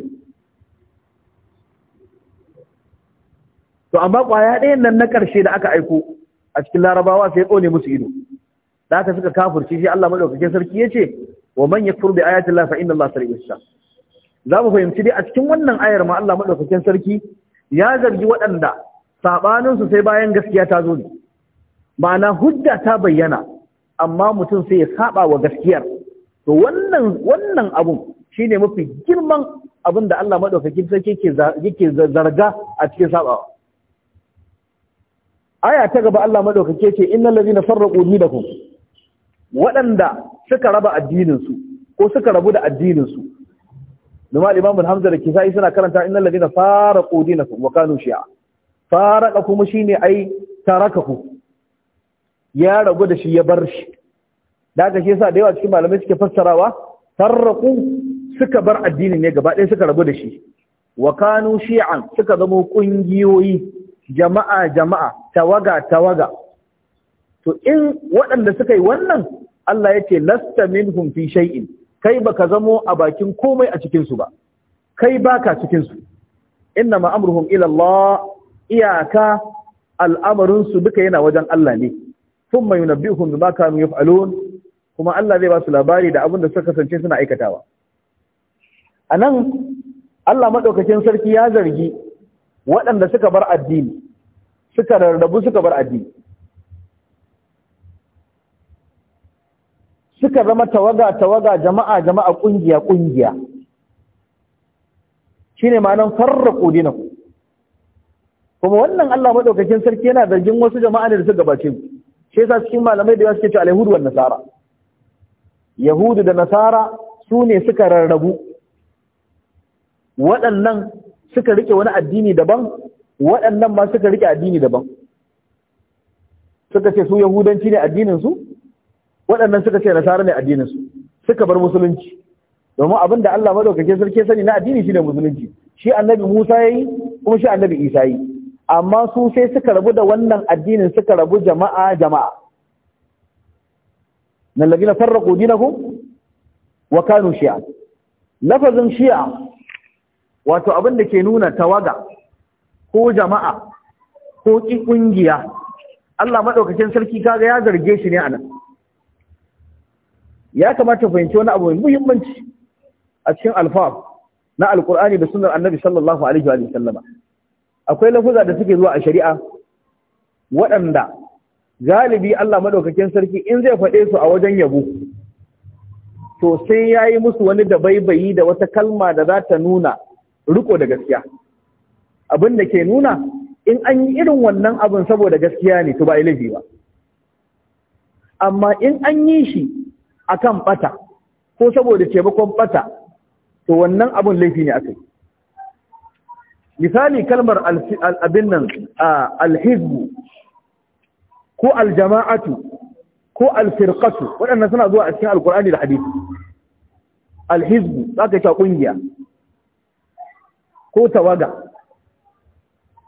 to amma kwaya ɗayan nan na ƙarshe da aka aiko a cikin larabawa sai ya ƙone musu ido da aka suka kafurci shi Allah maɗaukakin sarki ya ce wa man yakfur bi ayati lafa inda inna Allah sari'ul za mu fahimci dai a cikin wannan ayar ma Allah maɗaukakin sarki ya zargi waɗanda saɓaninsu sai bayan gaskiya ta zo ne ma'ana hujja ta bayyana amma mutum sai ya saba wa gaskiyar to wannan wannan abun shine mafi girman abin da Allah madaukakin sarki yake yake zarga a cikin sabawa aya ta gaba Allah madaukake ce innal ladina farraqu dinakum waɗanda suka raba addinin su ko suka rabu da addinin su numa Imam Hamza da Kisai suna karanta innal ladina farraqu dinakum wa kanu shi'a faraqakum shine ai tarakakum ya rabu da shi ya bar shi da shi yasa da yawa cikin malamai suke fassarawa farraqu suka bar addinin ne gaba ɗaya suka rabu da shi wa kanu shi'an suka zama kungiyoyi jama'a jama'a tawaga tawaga to in waɗanda suka yi wannan Allah ya ce lasta minhum fi shay'in kai baka zamo a bakin komai a cikin su ba kai baka cikin su inna ma amruhum ila Allah iyaka al'amarin su duka yana wajen Allah ne thumma yunabbihum bima kanu yaf'alun kuma Allah zai ba su labari da abin da suka kasance suna aikatawa A nan, Allah madaukakin sarki ya zargi waɗanda suka bar addini suka rarrabu suka bar addini suka zama tawaga tawaga jama'a jama'a kungiya kungiya shine ma'anar farraqu dinakum kuma wannan Allah madaukakin sarki yana zargin wasu jama'a da suka gabace ku shi yasa cikin malamai da yawa suke cewa alayhudu wa nasara yahudu da nasara su ne suka rarrabu waɗannan suka rike wani addini daban waɗannan ma suka rike addini daban suka ce su yahudanci ne addininsu waɗannan suka ce nasara ne addininsu suka bar musulunci domin abin da Allah madaukake sarki sani na addini shine musulunci shi annabi Musa yayi kuma shi annabi Isa yayi amma su sai suka rabu da wannan addinin suka rabu jama'a jama'a nan ladina dina dinahum wa kanu shi'a lafazin shi'a wato abin da ke nuna tawaga ko jama'a ko ki kungiya Allah madaukakin sarki kaga ya zarge shi ne anan ya kamata fahimci wani abu mai muhimmanci a cikin alfaf na alqur'ani da sunnar annabi sallallahu alaihi wa sallama akwai lafuza da suke zuwa a shari'a waɗanda galibi Allah maɗaukakin sarki in zai faɗe su a wajen yabo to sai yayi musu wani dabaibayi da wata kalma da za ta nuna riko da gaskiya abin da ke nuna in an yi irin wannan abin saboda gaskiya ne to ba laifi ba amma in an yi shi akan bata ko saboda taimakon ɓata, to wannan abin laifi ne akai misali kalmar abin nan alhizbu ko aljama'atu ko alfirqatu waɗannan suna zuwa a cikin alkur'ani da hadisi alhizbu ka ta ƙungiya? ko tawaga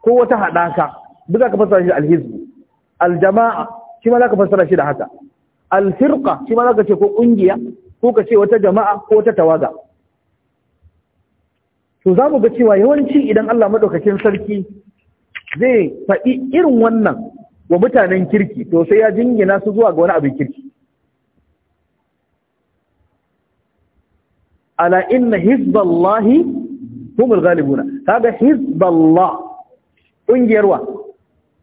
ko wata haɗaka? duk ka fassara shi alhizbu aljama'a shi ma ka fassara shi da haka alfirqa shi ma ka ce ko ƙungiya ko ka ce wata jama'a ko wata tawaga to za mu ga cewa yawanci idan Allah maɗaukakin sarki zai faɗi irin wannan wa mutanen kirki to sai ya jingina su zuwa ga wani abin kirki ala inna hizballahi humul ghalibuna kaga hizballah ƙungiyar wa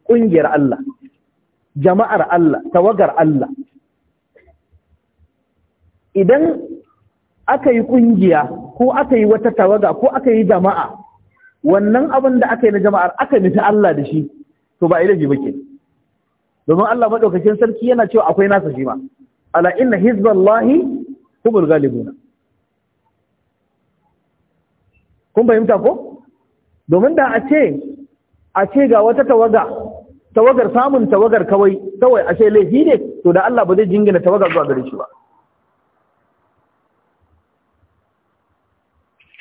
ƙungiyar Allah jama'ar Allah tawagar Allah idan aka yi kungiya ko aka yi wata tawaga ko aka yi jama'a wannan abin da aka yi na jama'ar aka nufi Allah da shi to ba ilaji ba domin Allah madaukakin sarki yana cewa akwai nasa shi ma ala inna hizballahi humul galibuna kun fahimta ko domin da a ce a ce ga wata tawaga tawagar samun tawagar kawai kawai a ce laifi ne to da Allah ba zai jingina tawagar zuwa gare shi ba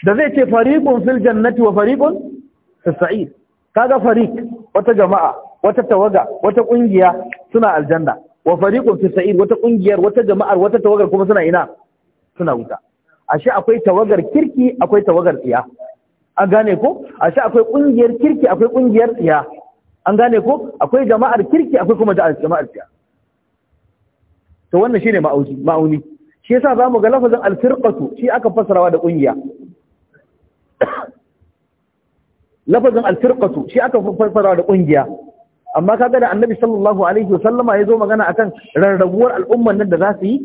da zai ce fariqun fil jannati wa fariqun fis sa'ir kaga fariq wata jama'a wata tawaga wata kungiya suna aljanna wa fariqun fis sa'ir wata kungiyar wata jama'ar wata tawagar kuma suna ina suna wuta ashe akwai tawagar kirki akwai tawagar tsiya an gane ko ashe akwai kungiyar kirki akwai kungiyar tsiya an gane ko akwai jama'ar kirki akwai kuma jama'ar tsiya to wannan shine ma'auni ma'auni shi yasa zamu ga lafazin al-firqatu shi aka fassarawa da kungiya lafazin alfirqatu shi aka farfara da kungiya amma kaga da annabi sallallahu alaihi wasallama ya zo magana akan rarrabuwar al'umman nan da za su yi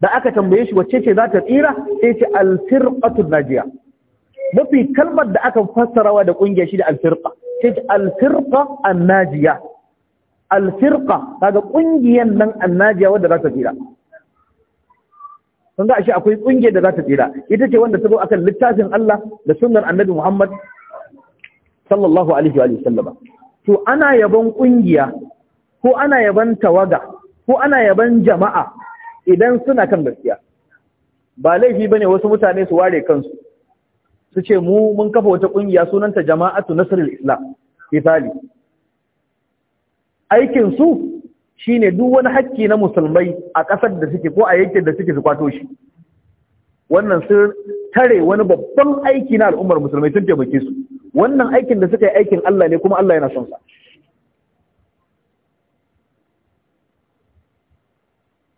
da aka tambaye shi wacce ce za ta tsira sai ce alfirqatu najiya mafi kalmar da aka fassarawa da kungiya shi da alfirqa sai ce alfirqa Najiya. alfirqa kaga kungiyan nan Najiya wadda za ta tsira sun ga ashe akwai kungiyar da za ta tsira ita ce wanda ta zo akan littafin Allah da sunnar annabi Muhammad sallallahu alaihi wa sallama to ana yaban kungiya ko ana yaban tawaga ko ana yaban jama'a idan suna kan gaskiya ba laifi bane wasu mutane su ware kansu su ce mu mun kafa wata kungiya sunanta jama'atu nasrul islam misali aikin su shine duk wani hakki na musulmai a ƙasar da suke ko a yankin da suke su kwato shi wannan sun tare wani babban aiki na al'ummar musulmai sun taimake su wannan aikin da suka yi aikin Allah ne kuma Allah yana son sa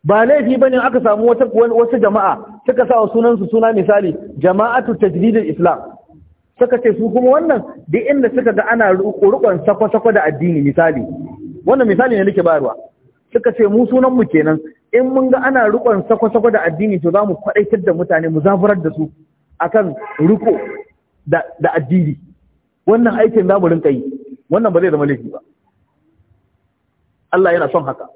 ba laifi bane aka samu wata wasu jama'a suka sa sunan su suna misali jama'atu tajdidil islam suka ce su kuma wannan da inda suka ga ana rukun sako-sako da addini misali wannan misali ne nake bayarwa suka ce mu sunan mu kenan in mun ga ana rukon sako-sako da addini to za mu kwadaitar da mutane mu zafarar da su akan ruko da, da addini wannan aikin za mu rinka yi wannan ba zai zama laifi ba Allah yana son haka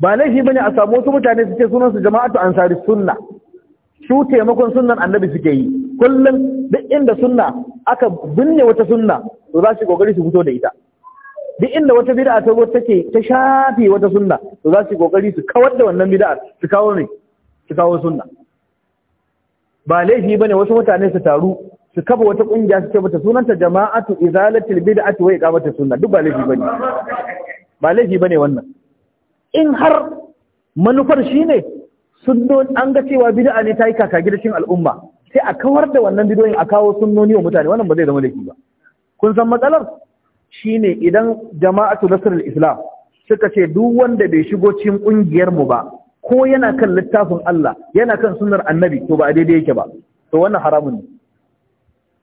ba laifi bane a samu wasu mutane su ce sunan su jama'atu ansari sunna su taimakon sunnan annabi suke yi kullum duk inda sunna aka binne wata sunna to za su kokari su fito da ita duk inda wata bid'a ta go take ta shafe wata sunna to za su kokari su kawar da wannan bid'a su kawo ne su kawo sunna ba laifi bane wasu mutane su taru su kafa wata kungiya su ce mata sunanta jama'atu izalatil bid'ati wa iqamati sunna duk ba laifi bane ba laifi bane wannan in har manufar shine sunnon an ga cewa bid'a ne ta yi kaka gidashin al'umma sai a kawar da wannan bidoyin a kawo sunnoni wa mutane wannan ba zai zama laifi ba kun san matsalar shine idan jama'atu nasarar islam suka ce duk wanda bai shigo cikin kungiyar mu ba ko yana kan littafin Allah yana kan sunnar annabi to ba daidai yake ba to wannan haramun ne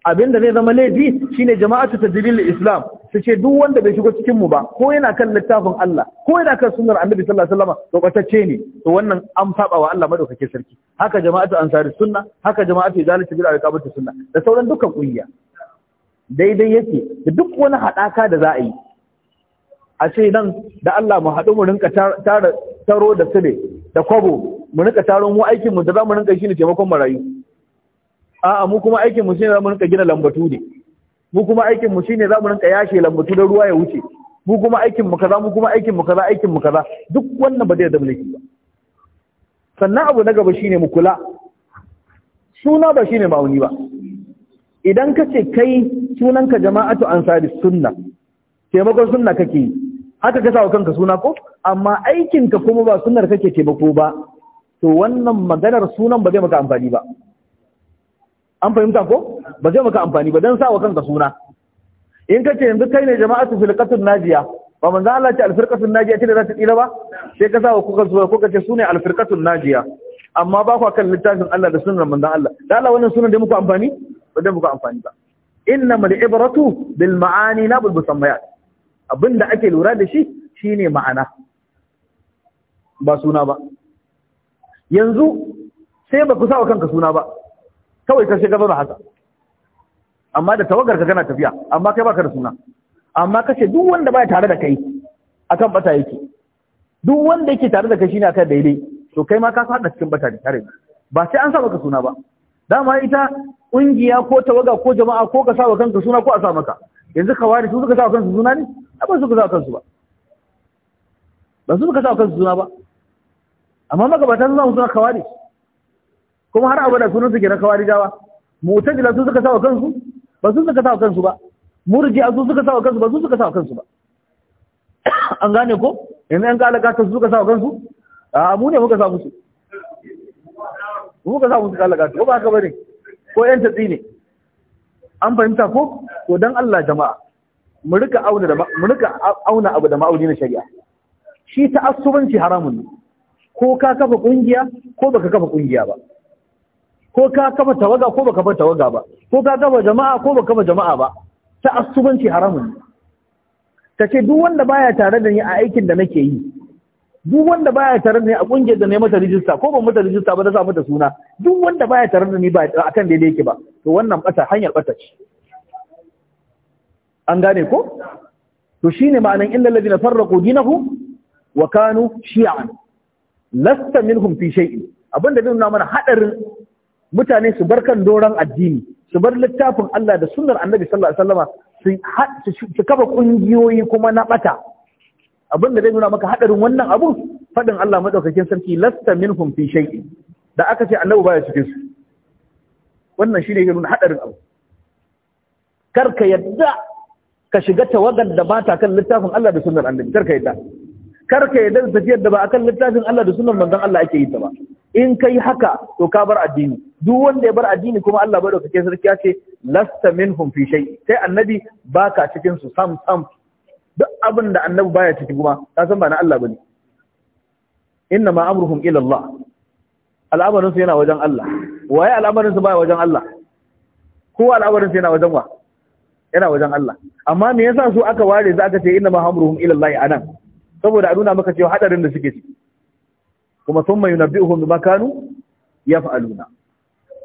Abin da zai zama laifi shine jama'atu tajlilul islam su ce duk wanda bai shigo cikin mu ba ko yana kan littafin Allah ko yana kan sunnar annabi sallallahu alaihi wasallam to batacce ne to wannan an saba wa Allah madaukake sarki haka jama'atu ansari sunna haka jama'atu idalatu bil alqabatu sunna da sauran dukkan kungiya daidai yake da duk wani haɗaka da za a yi a ce nan da Allah mu haɗu mu rinka taro da sile da kwabo mu rinka taro mu aikin mu da za mu rinka shi ne taimakon marayu a'a mu kuma aikin mu shine za mu rinka gina lambatu ne mu kuma aikin mu shine za mu rinka yashe lambatu da ruwa ya wuce mu kuma aikin mu kaza mu kuma aikin mu kaza aikin mu kaza duk wannan ba zai da mulki ba sannan abu na gaba shine mu kula suna ba shine wani ba idan ka ce kai sunanka jama'atu ansari sunna taimakon sunna kake yi haka ka sa wa kanka suna ko amma aikin ka kuma ba sunnar kake taimako ba to wannan maganar sunan ba zai maka amfani ba an fahimta ko ba zai maka amfani ba dan sa wa kanka suna in kace yanzu kai ne jama'atu filqatun najiya ba manzo Allah ce alfirqatun najiya ce za ta tsira ba sai ka sa wa kuka zuwa kuka ce sunai alfirqatun najiya amma ba ku kan littafin Allah da sunnar manzo Allah da Allah wannan sunan da muku amfani ba da muku amfani ba mal ibratu bil ma'ani la bil musammayat abinda ake lura da shi shine ma'ana ba suna ba yanzu sai ba ku sa wa kanka suna ba kawai ka shiga ba haka amma da tawagar ka kana tafiya amma kai baka da suna amma kace duk wanda baya tare da kai akan bata yake duk wanda yake tare da kai shine akan daidai to kai ma ka fada cikin bata da tare ba sai an sa maka suna ba dama ita Ƙungiya ko tawaga ko jama'a ko ka sawa kanka suna ko a sa maka yanzu ka ware su suka sawa kansu suna ne ba su ka sawa kansu ba ba su ka sawa kansu suna ba amma ba ta zama suna kawari kuma har abada sunan su ke na kawari dawa mutajila su suka sawa kansu ba su suka sawa kansu ba murji su suka sawa kansu ba su suka sawa kansu ba an gane ko yanzu an kalaka ta suka sawa kansu a mu ne muka sa musu ka sa musu kalaka ko ba haka bane ko yan tatsi ne an fahimta ko ko don Allah jama'a mu rika auna abu da ma'auni na shari'a shi ta asubanci haramun ne ko ka kafa ƙungiya ko ba ka kafa ƙungiya ba ko ka kafa tawaga ko ka kafa tawaga ba ko ka kafa jama'a ko ba kafa jama'a ba ta asubanci haramun ne ce, duk wanda baya tare da ni a aikin da nake yi duk wanda baya tare da ni a kungiyar da ne mata rijista ko ban mata rijista ba da sa mata suna duk wanda baya tare da ni ba a akan daidai yake ba to wannan bata hanyar bata ce an gane ko to shine ma'anan illal ladina farraqu dinahu wa kanu shi'an lasta minhum fi shay'in abinda zai nuna mana hadarin mutane su bar kan doron addini su bar littafin Allah da sunnar Annabi sallallahu alaihi wasallama su kafa kungiyoyi kuma na bata abin da zai nuna maka haɗarin wannan abun faɗin Allah maɗaukakin sarki lasta minhum fi shay'in da aka ce annabi baya cikin su wannan shi ne yake nuna haɗarin abu kar ka yadda ka shiga tawagar da ba ta kan littafin Allah da sunnar annabi kar ka yadda kar ka yadda da tafiyar da ba a kan littafin Allah da sunnar manzon Allah ake yi ta ba in kai haka to ka bar addini duk wanda ya bar addini kuma Allah bai dauke sarki ya ce lasta minhum fi shay sai annabi baka cikin su sam sam duk abin da annabi baya ciki kuma ka san ba na Allah bane inna ma amruhum ila Allah al'amarin su yana wajen Allah waye al'amarin su baya wajen Allah Ko al'amarin su yana wajen wa yana wajen Allah amma me yasa su aka ware za ka ce inna ma amruhum ila Allah anan saboda a nuna maka cewa hadarin da suke ciki kuma thumma yunabbi'uhum bima kanu yaf'aluna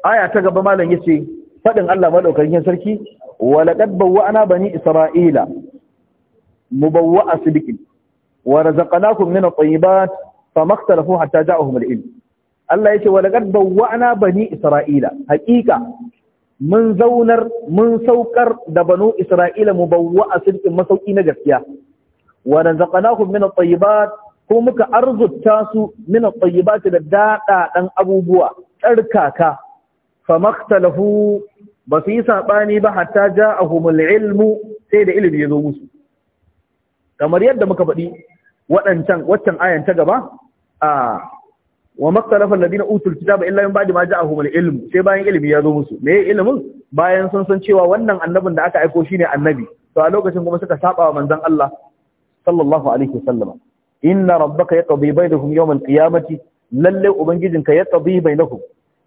aya ta gaba malam yace fadin Allah madaukakin sarki wa laqad bawwa'na bani isra'ila mubawwa'a sidikin wa razaqnakum min at-tayyibat famaktalafu hatta ja'ahum al-ilm Allah yace wa laqad bawwa'na bani isra'ila haqiqa mun zaunar mun saukar da banu isra'ila mubawwa'a sidikin masauki na gaskiya wa razaqnahum min at-tayyibat ko muka arzutta su min at-tayyibat da dadadan abubuwa tsarkaka famaktalafu ba su yi saɓani ba hatta ja'ahum al-ilm sai da ilimi ya zo musu kamar yadda muka faɗi waɗancan waccan ayan ta gaba a wa maktalafa alladhina utul kitaba illa min ba'di ma ja'ahum al-ilm sai bayan ilimi ya zo musu me ilimin bayan sun san cewa wannan annabin da aka aiko shine annabi to a lokacin kuma suka saba wa manzon Allah sallallahu alaihi wasallam inna rabbaka yaqdi bainahum yawm al-qiyamati lalle ubangijinka yaqdi bainahum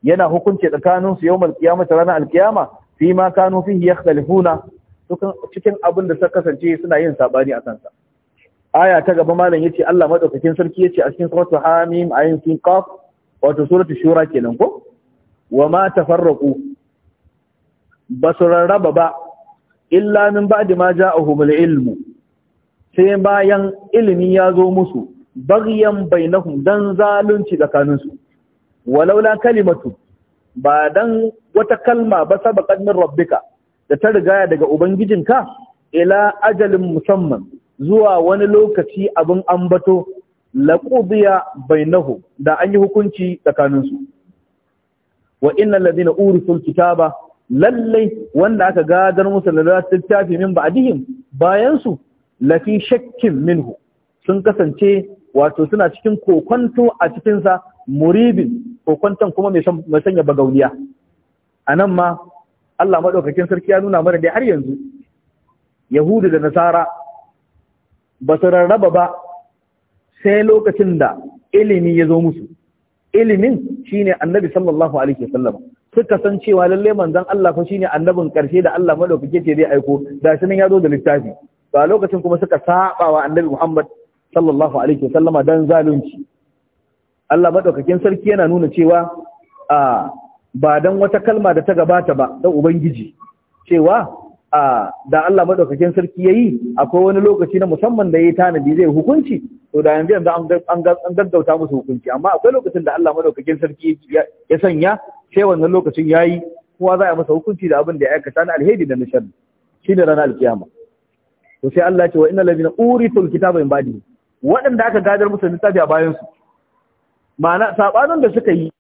yana hukunci tsakanin su yawm al-qiyamati ranar al-qiyama fi ma kanu fihi yakhtalifuna cikin abin da suka kasance suna yin sabani a kansa aya ta gaba malam ya ce Allah madaukakin sarki yace a cikin suratul hamim ayin sin qaf wato suratul shura kenan ko wa ma tafarraqu basurarraba ba illa min ba'di ma ja'ahumul ilmu sai bayan ilimi ya zo musu baryan bainahum dan zalunci tsakaninsu walaula kalimatu ba dan wata kalma ba saba min rabbika da ta rigaya daga ubangijinka ila ajalin musamman zuwa wani lokaci abin ambato bai bainahu da an yi hukunci tsakaninsu wa innal ladina urisul kitaba lallai wanda aka gadar musu littafi min ba'dihim bayan su lafi shakkin minhu sun kasance wato suna cikin kokonto a cikinsa muribin kokonton kuma mai sanya bagauniya a nan ma Allah maɗaukakin sarki ya nuna mana dai har yanzu Yahudu da Nasara ba su rarraba ba sai lokacin da ilimi ya zo musu ilimin shine annabi sallallahu alaihi wasallam suka san cewa lalle manzan Allah fa shine annabin ƙarshe da Allah maɗaukakin ce zai aiko da shi ya zo da littafi ba lokacin kuma suka saɓawa annabi Muhammad sallallahu alaihi wasallam dan zalunci Allah maɗaukakin sarki yana nuna cewa a ah, ba don wata kalma da ta gabata ba da ubangiji cewa da Allah maɗaukakin sarki ya yi, akwai wani lokaci na musamman da ya yi tanadi zai hukunci to da yanzu yanzu an gaggauta musu hukunci amma akwai lokacin da Allah maɗaukakin sarki ya sanya sai wannan lokacin ya yi, kowa za a masa hukunci da abin da ya aikata na alheri da na shi ne ranar alkiyama to sai Allah ce wa innal ladina uritul kitaba min ba'di waɗanda aka gadar musu littafi a bayansu. su ma'ana saɓanin da suka yi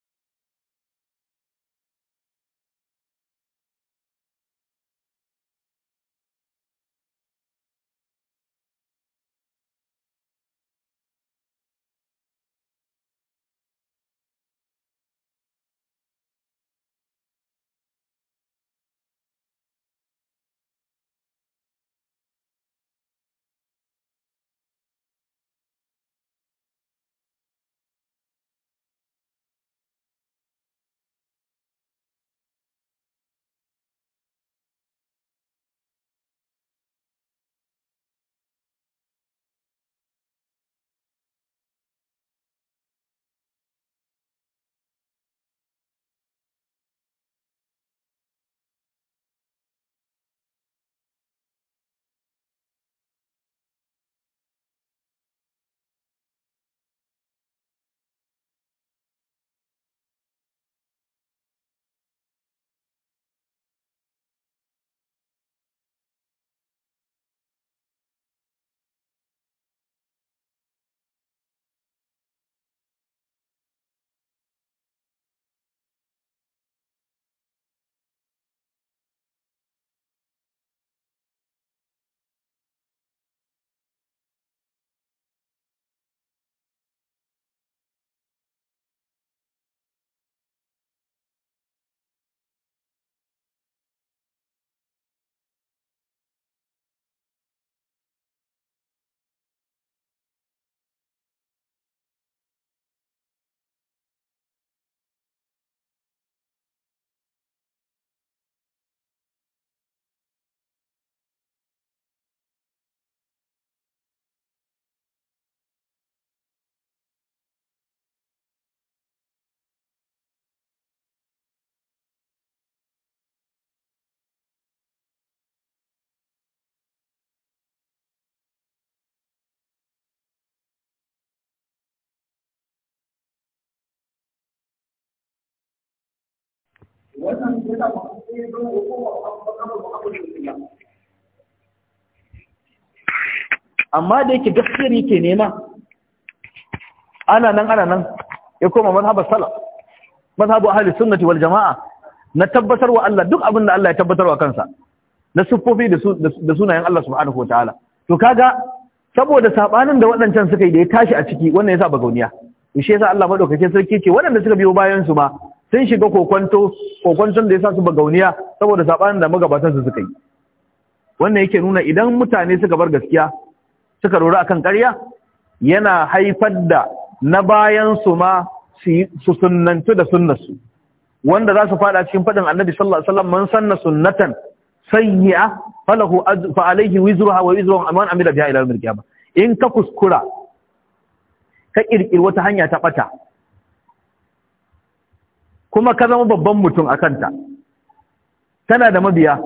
wannan yana matsayi don hukumar ɓangaren muhammadu biya amma da yake gaskiyar yake nema ana nan ana nan ya koma mazhabar salaf mazhabu ahli sunnati wal jama'a na tabbatar wa Allah duk abin da Allah ya tabbatar wa kansa na siffofi da sunayen Allah subhanahu wataala to kaga saboda sabanin da waɗancan suka yi da ya tashi a ciki wannan yasa bagauniya to shi yasa Allah madaukake sarki ce waɗanda suka biyo bayan su ma sun shiga kokwanto kokwanton da ya sa su bagauniya saboda sabanin da magabatan su suka yi wannan yake nuna idan mutane suka bar gaskiya suka rora akan ƙarya yana haifar da na bayan su ma su sunnantu da sunnasu wanda za su fada cikin faɗin annabi sallallahu alaihi wasallam man sanna sunnatan sayyi'a falahu fa alayhi wizruha wa wizru man amila biha ila al qiyamah in ka kuskura ka kirkiri wata hanya ta bata kuma ka zama babban mutum a kanta tana da mabiya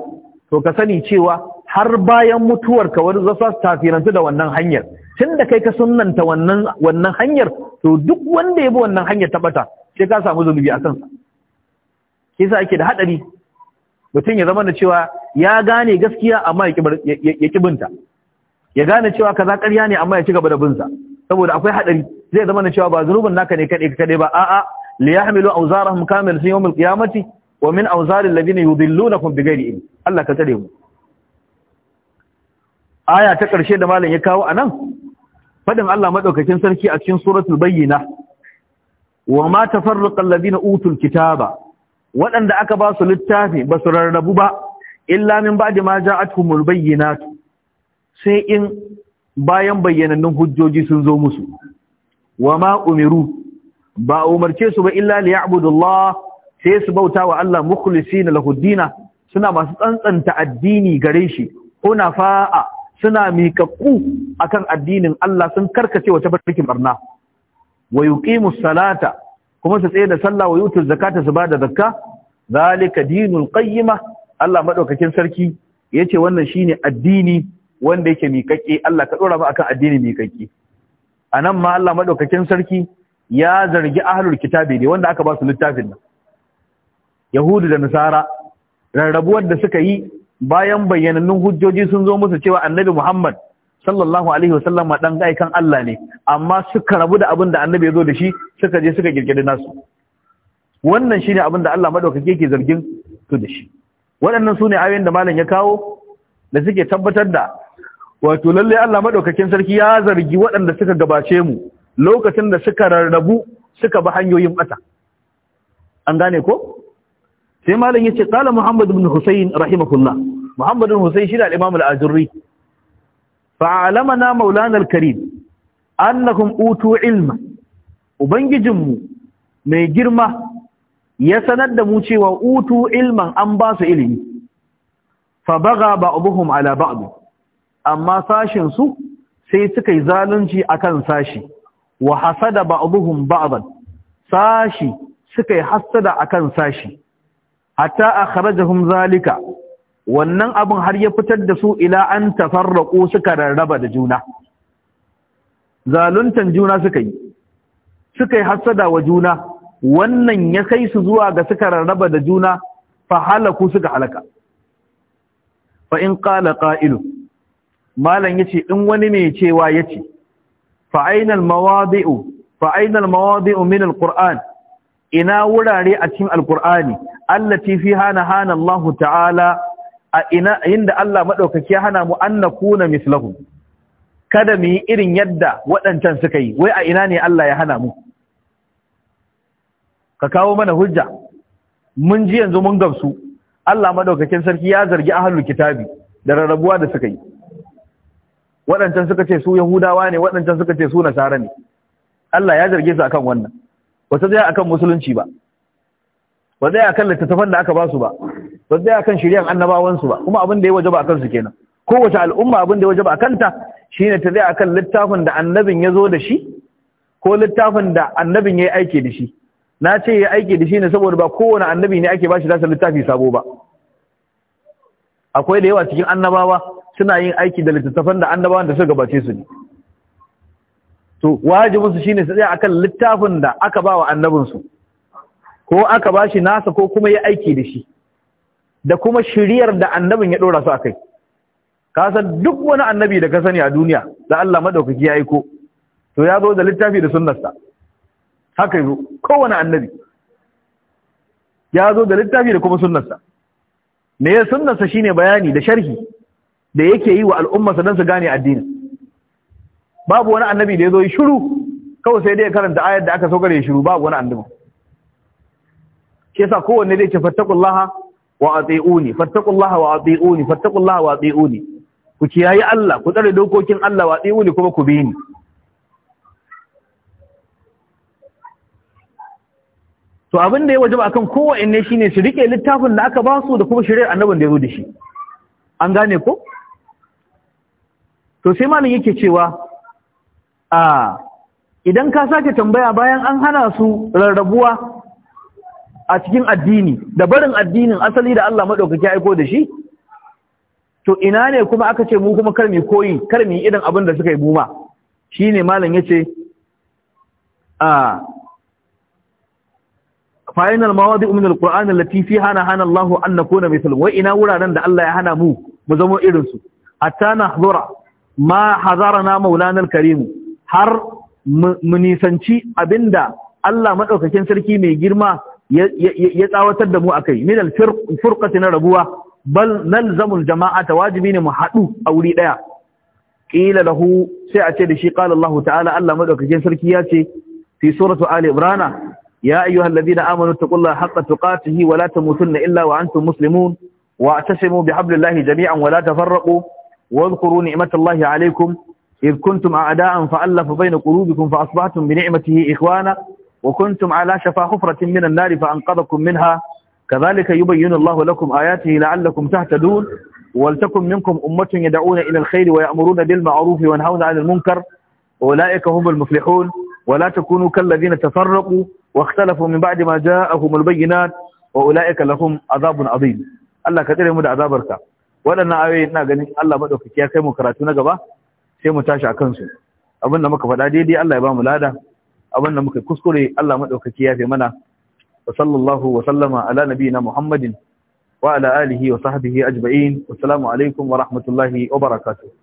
to ka sani cewa har bayan mutuwarka wani zasu tafirantu da wannan hanyar tun da kai ka sunanta wannan wannan hanyar to duk wanda ya bi wannan hanyar ta bata sai ka samu zunubi a kansa Ke sa ake da haɗari mutum ya zama da cewa ya gane gaskiya amma ya kibinta ya gane cewa kaza ƙarya ne amma ya ci gaba da binsa saboda akwai haɗari zai zama da cewa ba zunubin naka ne kaɗai kaɗai ba a'a liyahmilu awzarahum kamilatan yawm alqiyamati wa min awzari alladhina yudillunakum bighairi ilm Allah ka tare mu aya ta karshe da malam ya kawo anan fadin Allah madaukakin sarki a cikin suratul bayyina wa ma tafarraqa alladhina utul kitaba waɗanda aka ba su littafi ba su rarrabu ba illa min ba'di ma ja'atuhumul bayyinatu sai in bayan bayyanannun hujjoji sun zo musu wa ma umiru ba umarce su ba illa liya'budullah sai su bauta wa Allah mukhlisina lahu dina suna masu tsantsanta addini gare shi fa'a, suna miƙaƙu akan addinin Allah sun karkace wata barkin barna wa salata kuma su tsaye da sallah wa yutu zakata su bada zakka zalika dinul qayyima Allah madaukakin sarki yace wannan shine addini wanda yake miƙaƙe Allah ka dora mu akan addini miƙaƙe anan ma Allah madaukakin sarki ya zargi ahlul kitabi ne wanda aka ba su littafin nan yahudu da nasara rarrabuwar da suka yi bayan bayyanannun hujjoji sun zo musu cewa annabi muhammad sallallahu alaihi wasallam dan aikan Allah ne amma suka rabu da abin da annabi ya zo da shi suka je suka kirkiri nasu wannan shine abin da Allah madaukake yake zargin su da shi waɗannan sune ayoyin da malam ya kawo da suke tabbatar da wato lalle Allah madaukakin sarki ya zargi waɗanda suka gabace mu lokacin da suka rarrabu suka bi hanyoyin bata an gane ko sai malam yace qala muhammad ibn husayn rahimahullah muhammad ibn husayn shi da al-imam al-ajurri fa'alamana maulana al-karim annakum utu ilma ubangijinmu mai girma ya sanar da mu cewa utu ilman an ba su ilimi fa baga ba'dhum ala ba'd amma sashin su sai suka yi zalunci akan sashi wa hasada ba'dhum ba'dhan sashi suka yi hasada akan sashi hatta akhrajahum zalika wannan abin har ya fitar da su ila an tafarraqu suka rarraba da juna zaluntan juna suka yi suka yi hasada wa juna wannan ya kai su zuwa ga suka rarraba da juna fa halaku suka halaka fa in qala qa'ilu malan yace in wani ne cewa yace fa aina al-mawadi'u ina wurare a cikin al-Qur'ani allati fiha nahana Allah ta'ala a ina Allah madaukaki hana mu an nakuna mislahu kada mu yi irin yadda waɗancan suka yi wai a ina ne Allah ya hana mu ka kawo mana hujja mun ji yanzu mun gamsu Allah maɗaukakin sarki ya zargi ahlul kitabi da rarrabuwa da suka yi waɗancan suka ce su yahudawa ne waɗancan suka ce su nasara ne Allah ya zarge su akan wannan ba ta tsaya akan musulunci ba ba tsaya akan littattafan da aka ba su ba ba tsaya akan shiryan annabawan su ba kuma abin da ya waje ba akan su kenan kowace al'umma abin da ya ba akan ta shine ta zai akan littafin da annabin ya zo da shi ko littafin da annabin ya yi aiki da shi na ce ya aiki da shi ne saboda ba kowane annabi ne ake ba shi littafi sabo ba akwai da yawa cikin annabawa suna yin aiki da littattafan da annabawan da suka gabace su ne to wajibin su shine su tsaya akan littafin da aka ba wa annabin su ko aka ba shi nasa ko kuma ya aiki da shi da kuma shiriyar da annabin ya dora su akai ka san duk wani annabi da ka sani a duniya da Allah madaukaki ya aiko to ya zo da littafi da sunnarsa haka yi kowane annabi ya zo da littafi da kuma sunnarsa me ya sunnarsa shine bayani da sharhi da yake yi wa al'ummarsa don su gane addini babu wani annabi da ya zo yi shiru kawai sai dai karanta ayar da aka saukar ya shiru babu wani annabi shi ko kowanne zai ce fattakullaha wa ati'uni fattakullaha wa ati'uni fattakullaha wa ati'uni ku kiyayi Allah ku tsare dokokin Allah wa ati'uni kuma ku bi ni to abin da ya wajaba akan kowanne shine su rike littafin da aka ba su da kuma shirye annabin da ya zo da shi an gane ko to sai malin yake cewa a idan ka sake tambaya bayan an hana su rarrabuwa a cikin addini da barin addinin asali da Allah maɗaukaki aiko da shi to ina ne kuma aka ce mu kuma kar koyi kar idan irin abin da suka yi buma shine malam yace a fa'inal mawadi min alquran allati hana, hana Allah an nakuna mithl wa ina wuraren da Allah ya hana mu mu zama irin su hatta nahdura ma hazarana maulana karimu har mu nisanci abinda Allah madaukakin sarki mai girma ya tsawatar da mu akai min al-firqati na rabuwa bal jama'a jama'ata wajibi ne mu haɗu a wuri ɗaya ƙila lahu sai a ce da shi ƙala Allah ta'ala Allah madaukakin sarki ya ce fi suratu ali imran ya ayyuhal ladina amanu taqullaha haqqa tuqatihi wa la tamutunna illa wa antum muslimun wa bi bihablillahi jami'an wa la tafarraqu واذكروا نعمة الله عليكم إذ كنتم أعداء فألف بين قلوبكم فأصبحتم بنعمته إخوانا وكنتم على شفا حفرة من النار فأنقذكم منها كذلك يبين الله لكم آياته لعلكم تهتدون ولتكن منكم أمة يدعون إلى الخير ويأمرون بالمعروف وينهون عن المنكر أولئك هم المفلحون ولا تكونوا كالذين تفرقوا واختلفوا من بعد ما جاءهم البينات وأولئك لهم عذاب عظيم الله كثير يمد عذابك waɗannan ayoyi ina ganin Allah maɗaukaki ya kai mu karatu na gaba sai mu tashi kansu. su abinda muka faɗa daidai Allah ya ba mu lada abinda muka kuskure Allah maɗaukaki ya kai mana wa sallallahu wa sallama ala nabiyina Muhammadin wa ala alihi wa sahbihi ajma'in assalamu alaikum wa rahmatullahi wa barakatuh